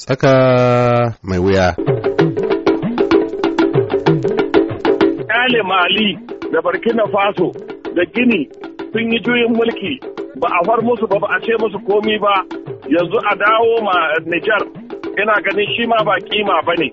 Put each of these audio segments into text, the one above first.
Saka mai wuya. Kale Mali da Burkina Faso da Gini sun yi juyin mulki ba a far musu ba ba a ce musu komi ba yanzu a dawo ma Nijar ina ganin shi ma ba kima ba ne.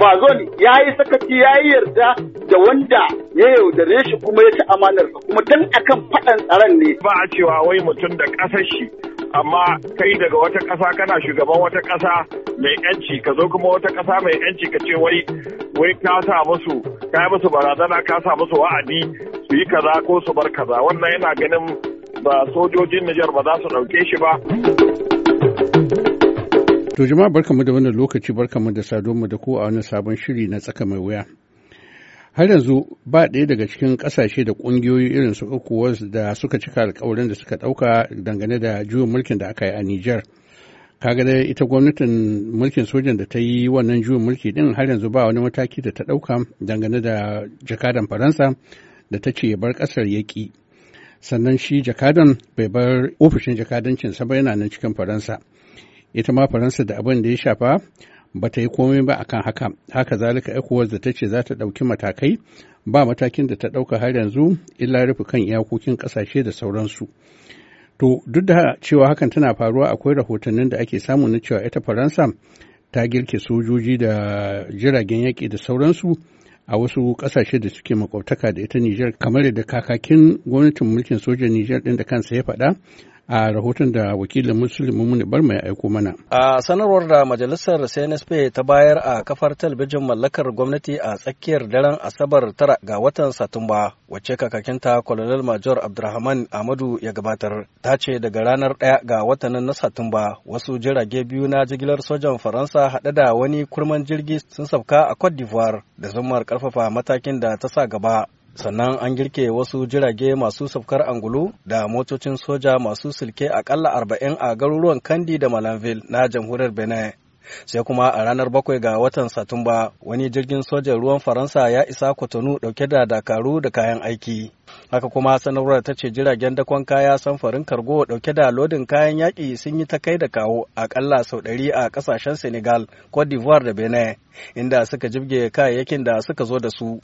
Vazon ya yi sakaci ya yi yarda da wanda ya yaudare shi kuma ya ci amanar kuma tun akan faɗan tsaron ne. Ba a cewa wai mutum da ƙasar shi amma kai daga wata ƙasa kana shugaban wata ƙasa mai yanci ka zo kuma wata ƙasa mai yanci ka ce wai wai ka sa musu ka yi musu barazana ka sa musu wa'adi su yi kaza ko su bar kaza wannan yana ganin ba sojojin Nijar ba za su ɗauke shi ba. To jama'a barkamu da wannan lokaci barkamu da sadonmu da ku a wani sabon shiri na tsaka mai wuya. har yanzu ba ɗaya daga cikin ƙasashe da ƙungiyoyi irin su uku da suka cika alkawarin da suka ɗauka dangane da juyin mulkin da aka yi a Nijar. kaga dai ita gwamnatin mulkin sojan da ta yi wannan juyin mulki din har yanzu ba wani mataki da ta ɗauka dangane da jakadan faransa da ta ce bar ƙasar yaƙi sannan shi jakadan bai bar ofishin jakadancinsa ba yana nan cikin faransa ita ma faransa da abin da ya shafa ba ta yi komai ba akan haka haka zalika ecowas da ta ce za ta ɗauki matakai ba matakin da ta ɗauka har yanzu illa rufe kan iyakokin ƙasashe da sauransu to duk da cewa hakan tana faruwa akwai rahotannin da ake samu na cewa ita faransa ta girke sojoji da jiragen yaƙi da sauransu a wasu ƙasashe da suke makwabtaka da ita Nijar kamar da kakakin gwamnatin mulkin sojan Nijar ɗin da kansa ya faɗa a rahoton da wakilin musulmi mun bar mai aiko mana. A sanarwar da majalisar CNSP ta bayar a kafar talabijin mallakar gwamnati a tsakiyar daren Asabar tara ga watan Satumba wacce kakakinta Colonel Major Abdulrahman amadu ya gabatar ta ce daga ranar ɗaya ga watanin na Satumba wasu jirage biyu na jigilar sojan Faransa haɗe da wani kurman jirgi sun sauka a Cote d'Ivoire da zumar karfafa matakin da ta sa gaba sannan an girke wasu jirage masu safkar angulu da motocin soja masu silke akalla arba'in a garuruwan kandi da malanville na jamhuriyar benin sai kuma a ranar bakwai ga watan satumba wani jirgin sojan ruwan faransa ya isa kotonu dauke da dakaru da kayan aiki haka kuma sanarwar ta ce jiragen dakon kaya samfarin kargo dauke da lodin kayan yaƙi sun yi ta kai da kawo akalla sau ɗari a ƙasashen senegal cote d'ivoire da benin inda suka jibge kayayyakin da suka zo da su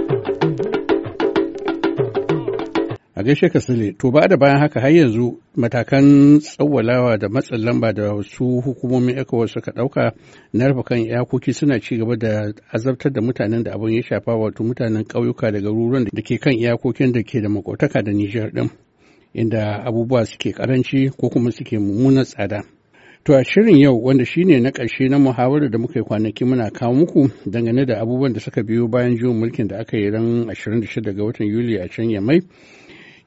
a gaishe ka sule to ba da bayan haka har yanzu matakan tsawalawa da matsin lamba da wasu hukumomin ecowas suka dauka na rufe kan iyakoki suna ci gaba da azabtar da mutanen da abin ya shafa wato mutanen ƙauyuka da garuruwan da ke kan iyakokin da ke da makotaka da nijar din inda abubuwa suke karanci ko kuma suke mummunar tsada To a shirin yau wanda shine na karshe na muhawarar da muka yi kwanaki muna kawo muku dangane da abubuwan da suka biyo bayan juyin mulkin da aka yi ran 26 ga watan Yuli a can Yamai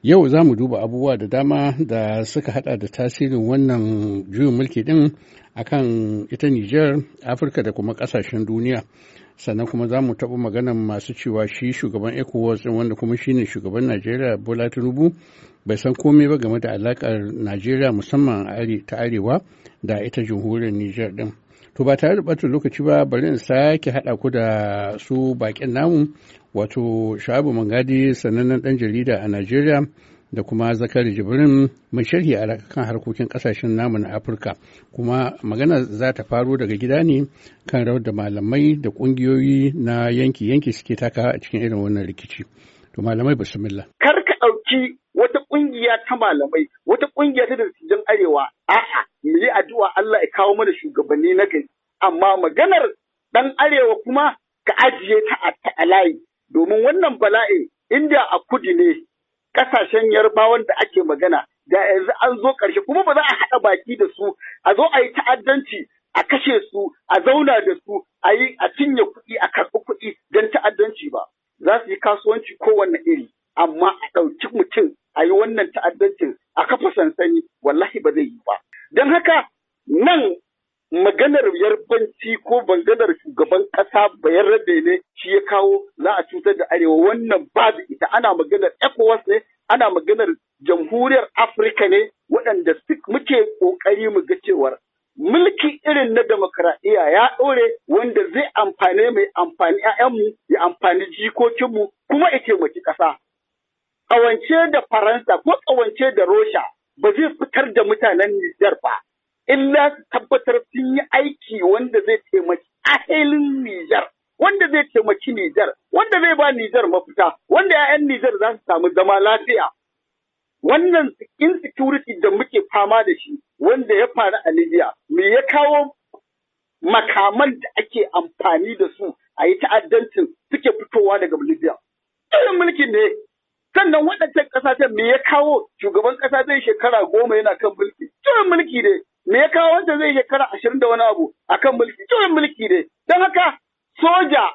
Yau za mu duba abubuwa da dama da suka hada da tasirin wannan juyin mulki din akan ita Niger, Afirka da kuma kasashen duniya. Sannan kuma za mu taɓa maganan masu cewa shi shugaban ECOWAS din wanda kuma shine shugaban Najeriya Bola Tinubu bai san komai ba game da alakar Najeriya musamman ta arewa da ita jamhuriyar Niger din. To ba tare da ɓata lokaci ba bari in sake haɗa ku da su baƙin namu wato shabu mangadi sanannen ɗan jarida a najeriya da kuma zakari jibrin mai sharhi a kan harkokin kasashen namu na afirka kuma magana za ta faro daga gida ne kan rawar da malamai da kungiyoyi na yanki yanki suke taka a cikin irin wannan rikici to malamai bismillah kar ka ɗauki wata kungiya ta malamai wata kungiya ta dattijan arewa a'a mu yi addu'a Allah ya kawo mana shugabanni na gari amma maganar dan arewa kuma ka ajiye ta a layi domin wannan bala'in inda a kudi ne kasashen yarbawan da ake magana da yanzu an zo ƙarshe kuma ba za a haɗa baki da su a zo a yi ta'addanci a kashe su a zauna da su a yi a cinye kuɗi a karɓi kuɗi irin na demokaraɗiyya ya ɗore wanda zai amfane mai amfani 'ya'yanmu ya amfani jikokinmu kuma ya taimaki ƙasa. Ƙawance da Faransa ko ƙawance da Rosha ba zai fitar da mutanen Nijar ba. Illa su tabbatar sun yi aiki wanda zai taimaki ahalin Nijar, wanda zai taimaki Nijar, wanda zai ba Nijar mafita, wanda 'ya'yan Nijar za su samu zama lafiya. Wannan insecurity da muke fama da shi wanda ya faru a Libya me ya kawo makaman da ake amfani da su a yi ta'addancin suke fitowa daga Bolivia. Irin mulkin ne, sannan waɗancan ƙasashen me ya kawo shugaban ƙasa zai shekara goma yana kan mulki. Irin mulki ne, me ya kawo wanda zai shekara ashirin da wani abu a kan mulki. Irin mulki ne, don haka soja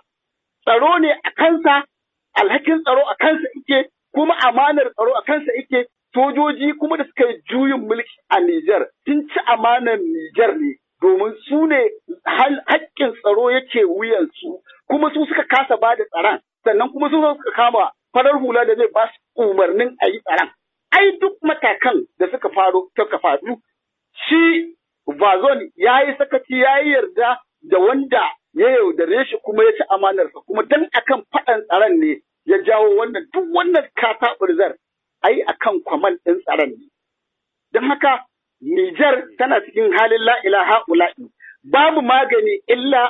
tsaro ne a kansa, alhakin tsaro a kansa ike, kuma amanar tsaro a kansa ike, sojoji kuma da suka yi juyin mulki a Nijar sun ci amanar Nijar ne domin su ne haƙƙin tsaro yake wuyansu kuma su suka kasa ba da tsaron sannan kuma su suka kama farar hula da zai ba su umarnin a yi tsaron. Ai duk matakan da suka faro suka faru shi Vazon ya yi sakaci ya yi yarda da wanda ya yaudare shi kuma ya ci amanarsa kuma dan akan faɗan tsaron ne ya jawo wannan duk wannan kataɓurzar ai kan kwamal ɗin tsaron ne. Don haka Nijar tana cikin halin la'ila ha'ula'i, babu magani illa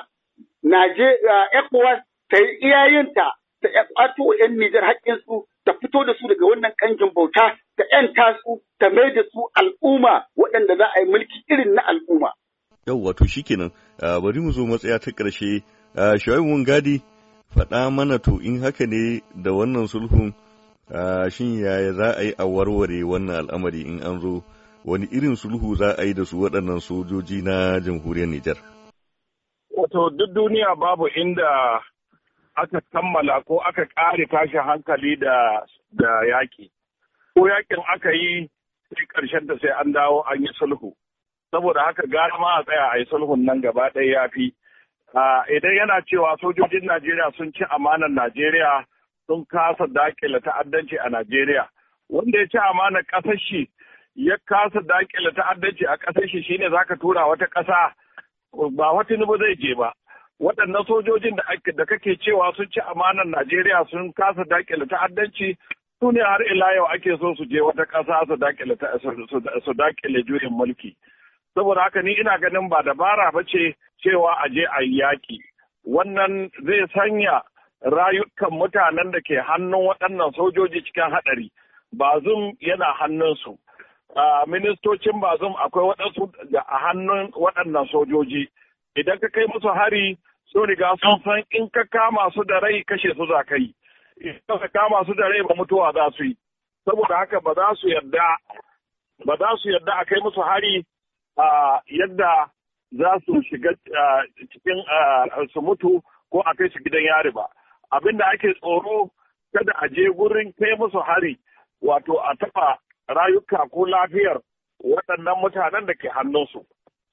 Ekowas, ta yi iyayenta ta ƙwato ‘yan Nijar haƙƙinsu ta fito da su daga wannan ƙangin bauta ta ‘yanta su ta mai da su al'umma waɗanda za a yi mulki irin na al'umma. Yau wato shikenan bari mu zo matsaya ta ƙarshe Shu'aibu Gadi faɗa mana to in haka ne da wannan sulhun shin yaya za a yi a warware wannan al'amari in an zo wani irin sulhu za a yi da su waɗannan sojoji na jamhuriyar Nijar? Wato duk duniya babu inda aka kammala ko aka ƙare tashin hankali da da yaƙi. Ko yaƙin aka yi sai ƙarshen da sai an dawo an yi sulhu. Saboda haka gara ma a tsaya a yi sulhun nan gaba ɗaya ya fi. Idan yana cewa sojojin Najeriya sun ci amanar Najeriya sun kasa dakila ta'addanci a Najeriya. Wanda ya ci amana ƙasar shi ya kasa daƙile ta'addanci a ƙasar shi shine zaka tura wata ƙasa ba wata nubu zai je ba. Waɗannan sojojin da kake cewa sun ci amanar Najeriya sun kasa dakile ta'addanci su ne har ila yau ake so su je wata ƙasa su daƙile juyin mulki. Saboda haka ni ina ganin ba dabara ba ce cewa a je a yi yaƙi. Wannan zai sanya rayukan mutanen da ke hannun waɗannan sojoji cikin haɗari bazum yana hannunsu ministocin bazum akwai waɗansu a hannun waɗannan sojoji idan ka kai musu hari sun riga sun san in ka kama su da rai kashe su za ka yi idan ka kama su da rai ba mutuwa za su yi saboda haka ba za su yadda ba za su yadda a kai musu hari yadda za su shiga cikin su mutu ko a kai su gidan yari ba abin da ake tsoro kada a je gurin kai musu hari wato a taɓa rayuka ko lafiyar waɗannan mutanen da ke hannunsu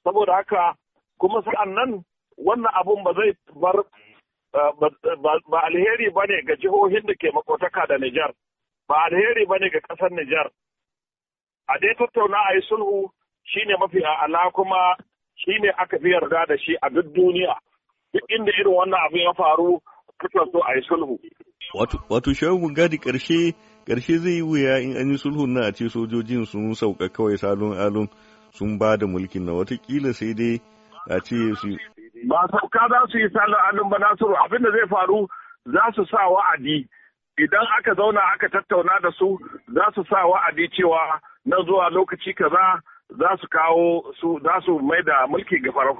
saboda haka kuma sa'an nan wannan abun ba zai bar eh, ba alheri ba ne ga jihohin da ke makotaka da Nijar ba alheri ba ne ga ƙasar Nijar a dai tattauna a yi sulhu shine mafi a'ala kuma shine aka fi yarda da shi a duk duniya duk inda irin wannan abin ya faru kasa so a yi sulhu. Wato shawin mun gadi ƙarshe ƙarshe zai yi wuya in an yi sulhun na a ce sojojin sun sauka kawai salon alon sun ba da mulkin na watakila sai dai a ce su. Ba sauka za su yi salon alon ba Nasiru abin da zai faru za su sa wa'adi idan aka zauna aka tattauna da su za su sa wa'adi cewa na zuwa lokaci kaza za su kawo su za su mai da mulki ga farar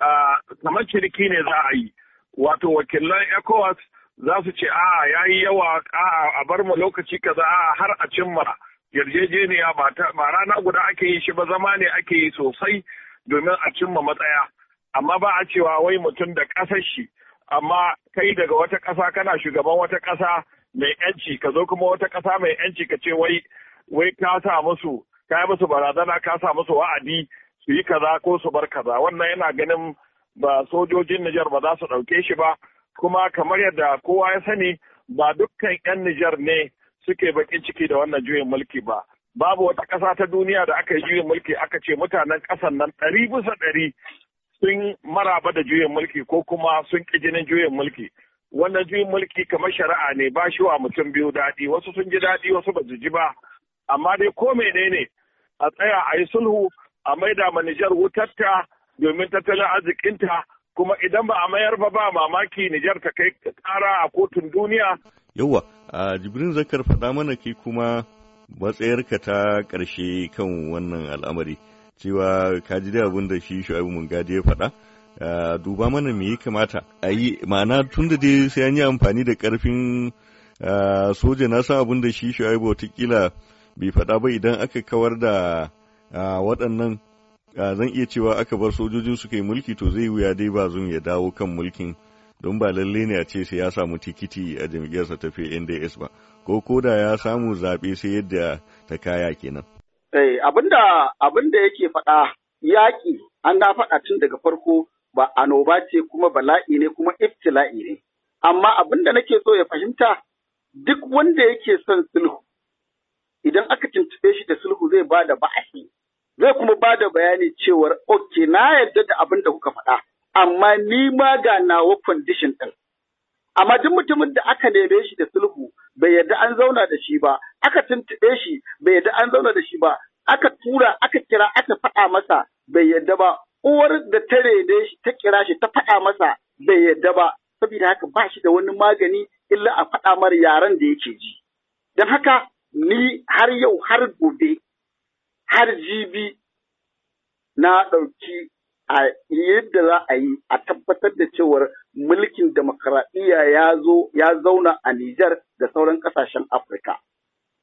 ah, kamar ciniki ne za a yi wato wakilan ECOWAS za su ce a'a ya yi yawa a'a a bar mu lokaci kaza a'a har a cimma yarjejeniya ba rana guda ake yi shi ba zama ne ake yi sosai domin a cimma matsaya amma ba a cewa wai mutum da ƙasar shi amma kai daga wata ƙasa kana shugaban wata ƙasa mai yanci ka zo kuma wata ƙasa mai yanci ka ce wai wai ka sa musu ka yi musu barazana ka sa musu wa'adi su yi kaza ko su bar kaza wannan yana ganin ba sojojin Nijar ba za su ɗauke shi ba kuma kamar yadda kowa ya sani ba dukkan 'yan Nijar ne suke baƙin ciki da wannan juyin mulki ba. Babu wata ƙasa ta duniya da aka yi juyin mulki aka ce mutanen ƙasan nan ɗari bisa ɗari sun maraba da juyin mulki ko kuma sun ƙi jinin juyin mulki. Wannan juyin mulki kamar shari'a ne ba shi wa mutum biyu daɗi wasu sun ji daɗi wasu ba su ji ba. Amma dai ko menene a tsaya a yi sulhu a maida ma Nijar wutarta domin tattalin arzikinta kuma idan ba a mayar ba ba mamaki Nijar ta kai kara a kotun duniya. Yawwa, a Jibrin Zakar faɗa mana ke kuma matsayarka ta ƙarshe kan wannan al'amari cewa ka ji abin da shi Shu'aibu Mungadi ya faɗa. duba mana me ya kamata a yi ma'ana tun da dai sai an yi amfani da ƙarfin soja na san abin da shi Shu'aibu watakila bai faɗa ba idan aka kawar da waɗannan zan iya cewa aka bar sojojin suka yi mulki to zai wuya dai ba zun ya dawo kan mulkin don ba lalle ne a ce sai ya samu tikiti a jam'iyyarsa ta nds ba ko ko da ya samu zaɓe sai yadda ta kaya kenan. Eh, abinda abinda yake faɗa yaƙi an na faɗa tun daga farko ba anoba ce kuma bala'i ne kuma iftila'i ne amma abinda nake so ya fahimta duk wanda yake son sulhu idan aka tuntube shi da sulhu zai ba da ba'ahi zai kuma ba da bayani cewar ok na yarda da abin da kuka faɗa amma ni ma ga nawa condition ɗin. Amma duk mutumin da aka neme shi da sulhu bai yarda an zauna da shi ba, aka tuntuɓe shi bai yarda an zauna da shi ba, aka tura aka kira aka faɗa masa bai yarda ba, uwar da ta rene shi ta kira shi ta faɗa masa bai yarda ba, saboda haka ba shi da wani magani illa a faɗa mara yaren da yake ji. Don haka ni har yau har gobe har jibi na ɗauki a yadda za a yi a tabbatar da cewar mulkin demokaradiyya ya zo ya zauna a Nijar da sauran ƙasashen Afirka.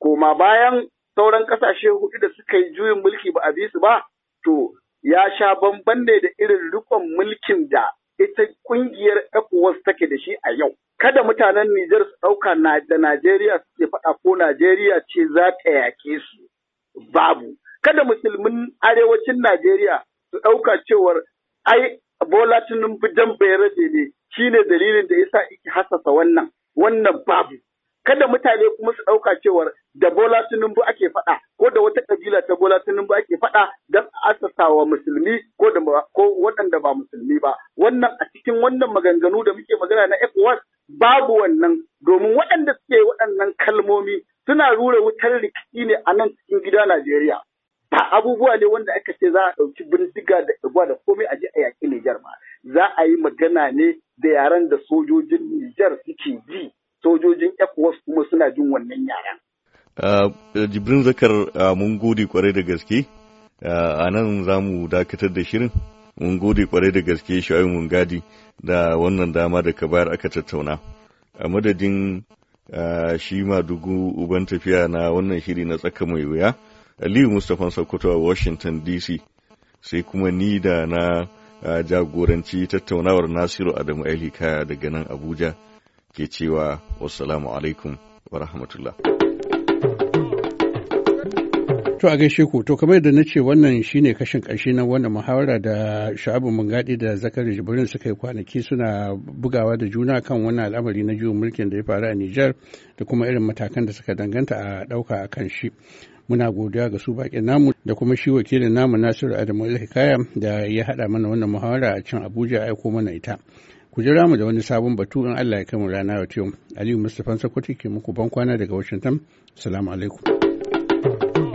Koma bayan sauran ƙasashe hudu da suka yi juyin mulki ba a bi su ba, to ya sha bamban ne da irin rikon mulkin da ita ƙungiyar ECOWAS take da shi a yau. Kada mutanen Nijar su ɗauka da Najeriya suke faɗa ko Najeriya ce za ta yake su. Babu. kada musulmin arewacin Najeriya su ɗauka cewar ai Bola Tinubu dan bayarabe ne shine dalilin da yasa iki hasasa wannan wannan babu kada mutane kuma su ɗauka cewar da Bola Tinubu ake faɗa ko da wata kabila ta Bola Tinubu ake faɗa don asasa wa musulmi ko da ko waɗanda ba musulmi ba wannan a cikin wannan maganganu da muke magana na ECOWAS babu wannan domin waɗanda suke waɗannan kalmomi suna rura wutar rikici ne a nan cikin gida Najeriya abubuwa ne wanda aka ce za a ɗauki bindiga da ɗagwa da komai a je a yaƙi Nijar ma. Za a yi magana ne da yaren da sojojin Nijar suke ji, sojojin ECOWAS kuma suna jin wannan yaren. Uh, uh, Jibrin Zakar uh, mun gode kwarai da gaske, a nan za mu dakatar da shirin. Mun gode kwarai da gaske Shu'aibu mun gadi da wannan dama da ka bayar aka tattauna. A madadin shi ma uban tafiya na wannan shiri na tsaka mai wuya. aliyu mustapha sokoto a washington dc sai kuma ni da na jagoranci tattaunawar nasiru adamu kaya daga nan abuja ke cewa wassalamu alaikum wa rahmatullah To a gaishe ku to kamar da na ce wannan shine kashin ƙarshe na wannan muhawara da sha'abu mungadi da zakari jibrin suka yi kwanaki suna bugawa da juna kan wannan al'amari na juyin mulkin da ya faru a Nijar da kuma irin matakan da suka danganta a ɗauka a kan shi. muna godiya ga su baƙin namu da kuma shi wakilin namu nasiru adamu hikaya da ya haɗa mana wannan muhawara a can abuja ya aiko mana ita ku jira mu da wani sabon batu in allah ya kai mu rana yau aliyu mustapha sakwati ke muku ban kwana daga washington salamu alaikum